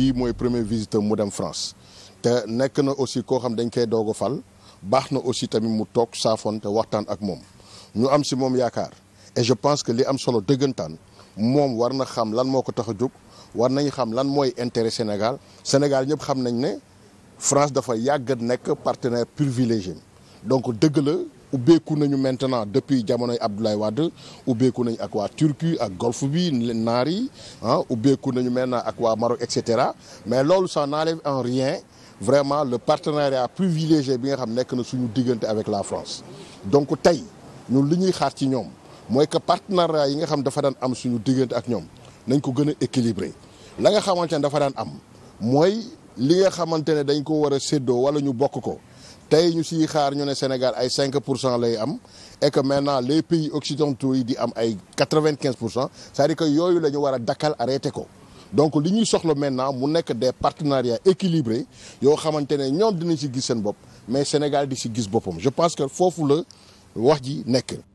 bii mooy premier visiteur mu dem France te nekk na aussi koo xam dañ koy doog a fal baax na aussi tamit mu toog saafoon te waxtaan ak moom ñu am si moom yaakaar et je pense que li am solo dëggantaan moom war na xam lan moo ko tax a jóg war nañ xam lan mooy intérêt Sénégal Sénégal ñëpp xam nañ ne France dafa yàgg nekk partenaire privilégié donc dëgg la ubbeeku nañu maintenant depuis jamonoy Abdoulaye Wade ubbeeku nañu ak waa Turquie ak golfe bi naar yi ah ubbeeku nañu maintenant ak waa Maroc et cetera mais loolu ça n'enlève en rien vraiment le partenariat privilégié bi nga xam nekk na suñu diggante avec la France donc tey ñu li ñuy xaar ci ñoom mooy que partenariat yi nga xam dafa daan am suñu diggante ak ñoom nañ ko gën a équilibré la nga xamante ne dafa daan am mooy li nga xamante ne dañ ko war a séddoo wala ñu bokk ko tey ñu siy xaar ñu ne Sénégal ay 5 pour cent lay am et que maintenant les pays occidentaux yi di am ay 95 pour cent cest que yooyu la ñu war a dakkal arrêté ko donc li ñuy soxla maintenant mu nekk des partenariats équilibrés yoo xamante ne ñoom dinañ si gis seen bopp mais Sénégal di si gis boppam je pense que foofu la wax ji nekk.